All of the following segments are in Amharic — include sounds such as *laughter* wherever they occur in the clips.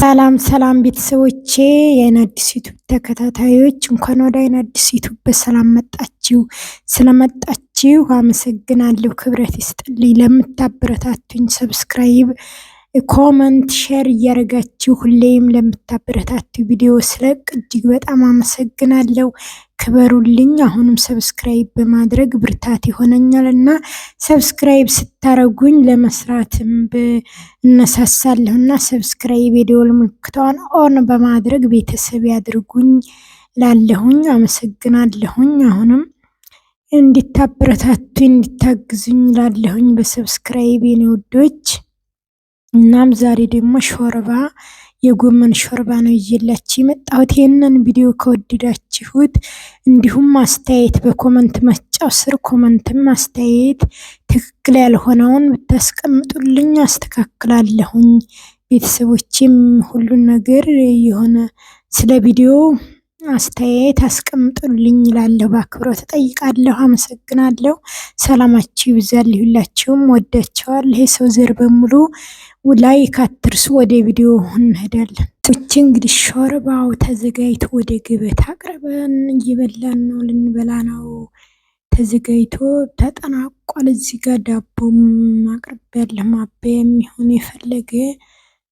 ሰላም ሰላም ቤተሰቦቼ የአዲስ ዩቱብ ተከታታዮች እንኳን ወደ አዲስ ዩቱብ በሰላም መጣችሁ። ስለመጣችሁ አመሰግናለሁ። ክብረት ይስጥልኝ። ለምታበረታቱኝ ሰብስክራይብ ኮመንት፣ ሼር እያደረጋችሁ ሁሌም ለምታበረታቱ ቪዲዮ ስለቅ እጅግ በጣም አመሰግናለሁ። ክበሩልኝ። አሁንም ሰብስክራይብ በማድረግ ብርታት ይሆነኛል እና ሰብስክራይብ ስታረጉኝ ለመስራትም እነሳሳለሁ እና ሰብስክራይብ የደወል ምልክቷን ኦን በማድረግ ቤተሰብ ያድርጉኝ ላለሁኝ አመሰግናለሁኝ። አሁንም እንዲታበረታቱ እንዲታግዙኝ ላለሁኝ በሰብስክራይብ የኔ ውዶች እናም ዛሬ ደግሞ ሾርባ የጎመን ሾርባ ነው እየላችሁ የመጣሁት። ይህንን ቪዲዮ ከወደዳችሁት እንዲሁም አስተያየት በኮመንት መስጫው ስር ኮመንትም አስተያየት ትክክል ያልሆነውን ብታስቀምጡልኝ አስተካክላለሁኝ። ቤተሰቦችም ሁሉን ነገር የሆነ ስለ ቪዲዮ አስተያየት አስቀምጡልኝ ይላለሁ። በአክብሮት ተጠይቃለሁ። አመሰግናለሁ። ሰላማችሁ ይብዛል። ሁላችሁም ወዳቸዋል። ይሄ ሰው ዘር በሙሉ ላይ ካትርሱ። ወደ ቪዲዮ እንሄዳለን። ጡች እንግዲህ ሾርባው ተዘጋጅቶ ወደ ገበታ አቅርበን እየበላን ነው፣ ልንበላ ነው። ተዘጋጅቶ ተጠናቋል። እዚህ ጋር ዳቦም አቅርብ ያለ ማበያ የሚሆን የፈለገ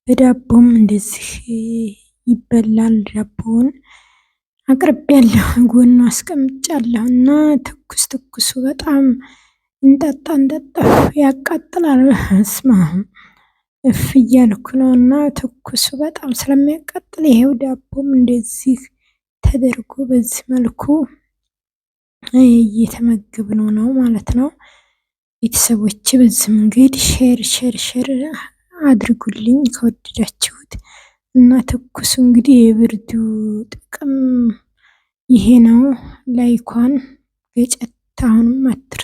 በዳቦም እንደዚህ ይበላል ዳቦውን አቅርቤያለሁ፣ ጎኑ አስቀምጫለሁ እና ትኩስ ትኩሱ በጣም እንጠጣ እንጠጣ ያቃጥላል። ስማ እፍ እያልኩ ነው እና ትኩሱ በጣም ስለሚያቃጥል ይሄው ዳቦም እንደዚህ ተደርጎ በዚህ መልኩ እየተመገብነው ነው ማለት ነው። ቤተሰቦች በዚህ መንገድ ሼር ሼር ሼር አድርጉልኝ ከወደዳችሁት። እና ትኩስ እንግዲህ የብርዱ ጥቅም ይሄ ነው። ላይኳን ገጨት አሁንም አትርሱ።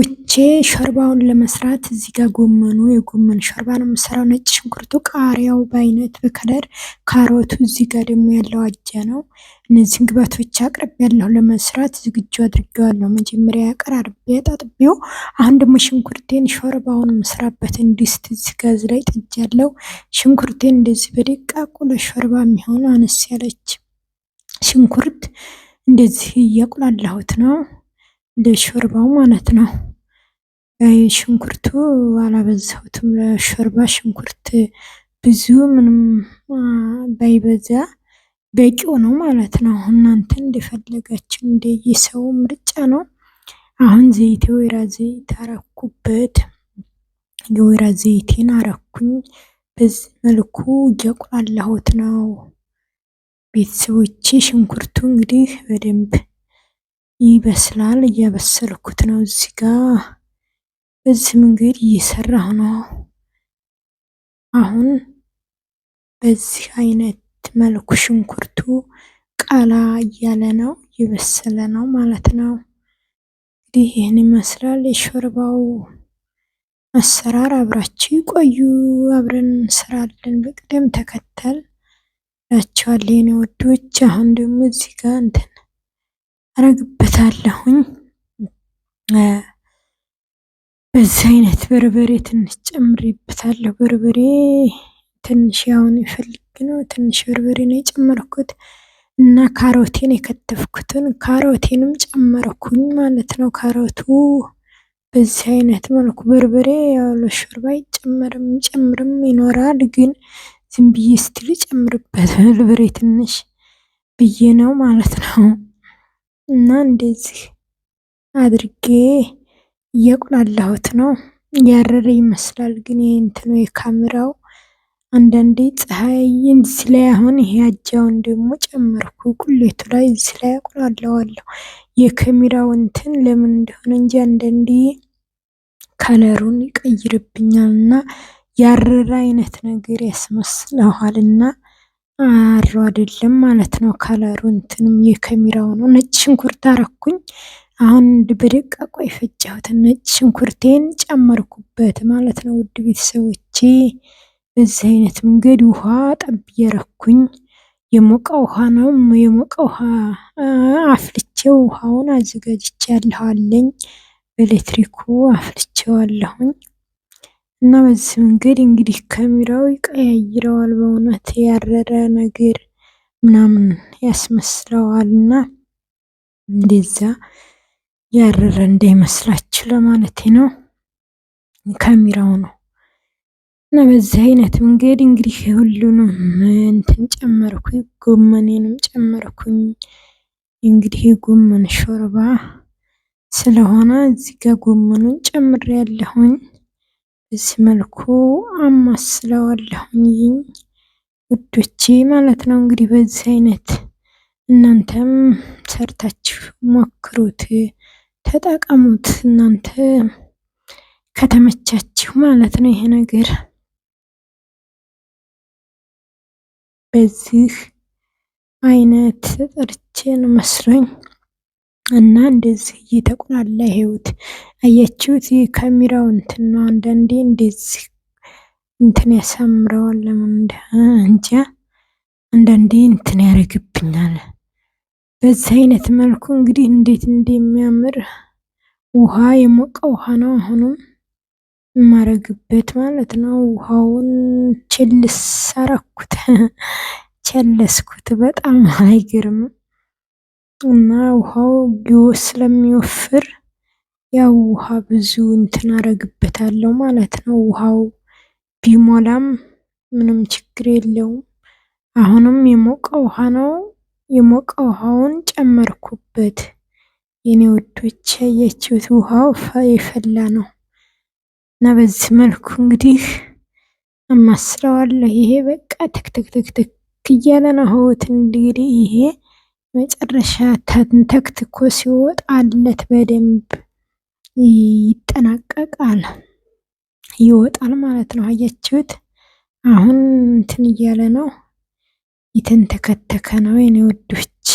አጥቦቼ ሾርባውን ለመስራት እዚህ ጋር ጎመኑ የጎመን ሾርባ ነው የምሰራው። ነጭ ሽንኩርቱ፣ ቃሪያው በአይነት በከለር ካሮቱ፣ እዚህ ጋር ደግሞ ያለው አጀ ነው። እነዚህን ግባቶች አቅርብ ያለሁ ለመስራት ዝግጁ አድርጌዋለሁ። መጀመሪያ አቀራርቤ አጣጥቤው፣ አሁን ደግሞ ሽንኩርቴን ሾርባውን የምሰራበትን ድስት እዚህ ጋዝ ላይ ጥጃለሁ። ሽንኩርቴን እንደዚህ በደቃቁ ለሾርባ የሚሆኑ አነስ ያለች ሽንኩርት እንደዚህ እያቁላላሁት ነው ለሾርባው ማለት ነው። ሽንኩርቱ አላበዛሁትም። ለሾርባ ሽንኩርት ብዙ ምንም ባይበዛ በቂው ነው ማለት ነው። እናንተ እንደፈለጋችሁ እንደየሰው ምርጫ ነው። አሁን ዘይት የወይራ ዘይት አረኩበት። የወይራ ዘይቴን አረኩኝ። በዚህ መልኩ እያቁላላሁት ነው። ቤተሰቦቼ ሽንኩርቱ እንግዲህ በደንብ ይበስላል። እያበሰልኩት ነው እዚህ ጋር በዚህ መንገድ እየሰራሁ ነው። አሁን በዚህ አይነት መልኩ ሽንኩርቱ ቃላ እያለ ነው፣ እየበሰለ ነው ማለት ነው። እንግዲህ ይህን ይመስላል የሾርባው አሰራር። አብራችሁ ቆዩ፣ አብረን እንሰራለን በቅደም ተከተል ላቸዋለሁ የኔ ወዶች። አሁን ደግሞ እዚህ ጋር እንትን አረግበታለሁኝ በዚህ አይነት በርበሬ ትንሽ ጨምሬበታለሁ። በርበሬ ትንሽ ያውን ይፈልግ ነው። ትንሽ በርበሬ ነው የጨመርኩት እና ካሮቴን የከተፍኩትን ካሮቴንም ጨመረኩኝ ማለት ነው። ካሮቱ በዚህ አይነት መልኩ በርበሬ ያው ሾርባ ይጨመርም ይጨምርም ይኖራል፣ ግን ዝም ብዬ ስትል ጨምርበት በርበሬ ትንሽ ብዬ ነው ማለት ነው እና እንደዚህ አድርጌ የቁላላሁት ነው ያረረ ይመስላል። ግን እንትኑ የካሜራው አንዳንዴ ፀሐይ እዚህ ላይ አሁን ይሄ አጃውን ደግሞ ጨመርኩ ቁሌቱ ላይ እዚ ላይ አቁላለዋለሁ። የካሜራው እንትን ለምን እንደሆነ እንጂ አንዳንዴ ከለሩን ይቀይርብኛል እና ያረረ አይነት ነገር ያስመስለኋል እና አሮ አይደለም ማለት ነው። ከለሩ እንትንም የካሜራው ነው። ነጭ ሽንኩርት አረኩኝ። አሁን በደቃቁ የፈጨሁት ነጭ ሽንኩርቴን ጨመርኩበት ማለት ነው። ውድ ቤተሰቦቼ በዚህ አይነት መንገድ ውሃ ጠብ እየረኩኝ የሞቀ ውሃ ነው። የሞቀ ውሃ አፍልቼው ውሃውን አዘጋጅቼ ያለኋለኝ በኤሌክትሪኩ አፍልቼዋለሁኝ እና በዚህ መንገድ እንግዲህ ከሚራው ይቀያይረዋል። በእውነት ያረረ ነገር ምናምን ያስመስለዋልና እንደዛ ያረረ እንዳይመስላችሁ ለማለቴ ነው። ካሜራው ነው እና በዚህ አይነት መንገድ እንግዲህ ሁሉንም እንትን ጨመርኩኝ፣ ጎመኔንም ጨመርኩኝ። እንግዲህ የጎመን ሾርባ ስለሆነ እዚህ ጋ ጎመኑን ጨምር ያለሁኝ በዚህ መልኩ አማስለዋለሁኝ ውዶቼ ማለት ነው። እንግዲህ በዚህ አይነት እናንተም ሰርታችሁ ሞክሩት። ተጠቀሙት እናንተ ከተመቻችሁ ማለት ነው። ይሄ ነገር በዚህ አይነት ጠርቼ ነው መስሎኝ እና እንደዚህ እየተቁላላ ይሄውት አያችሁት። የካሜራው እንትን ነው አንዳንዴ እንደዚህ እንትን ያሳምረዋል። ለምን እንጃ አንዳንዴ እንትን ያደርግብኛል። በዚህ አይነት መልኩ እንግዲህ እንዴት እንደሚያምር ውሃ የሞቀ ውሃ ነው። አሁንም የማረግበት ማለት ነው። ውሃውን ችልስ አረኩት *laughs* ቸለስኩት። በጣም አይገርም እና ውሃው ጊዮስ ስለሚወፍር ያው ውሃ ብዙ እንትን አረግበታለሁ ማለት ነው። ውሃው ቢሞላም ምንም ችግር የለውም። አሁንም የሞቀ ውሃ ነው። የሞቀ ውሃውን ጨመርኩበት። የኔ ወዶች ያየችሁት ውሃው የፈላ ነው እና በዚህ መልኩ እንግዲህ አማስለዋለሁ። ይሄ በቃ ትክትክትክትክ እያለ ነው ህወት እንግዲህ ይሄ መጨረሻ ተንተክትኮ ሲወጣለት በደንብ ይጠናቀቃል፣ ይወጣል ማለት ነው። አያችሁት? አሁን እንትን እያለ ነው። የተንተከተከ ነው የኔ ውዶች፣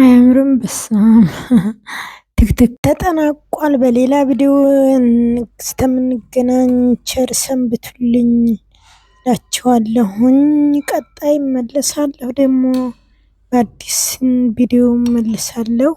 አያምርም? በስም *laughs* ትክትክ ተጠናቋል። በሌላ ቪዲዮ እስከምንገናኝ ቸር ሰንብቱልኝ ላችኋለሁኝ። ቀጣይ መለሳለሁ ደግሞ በአዲስ ቪዲዮ መልሳለሁ።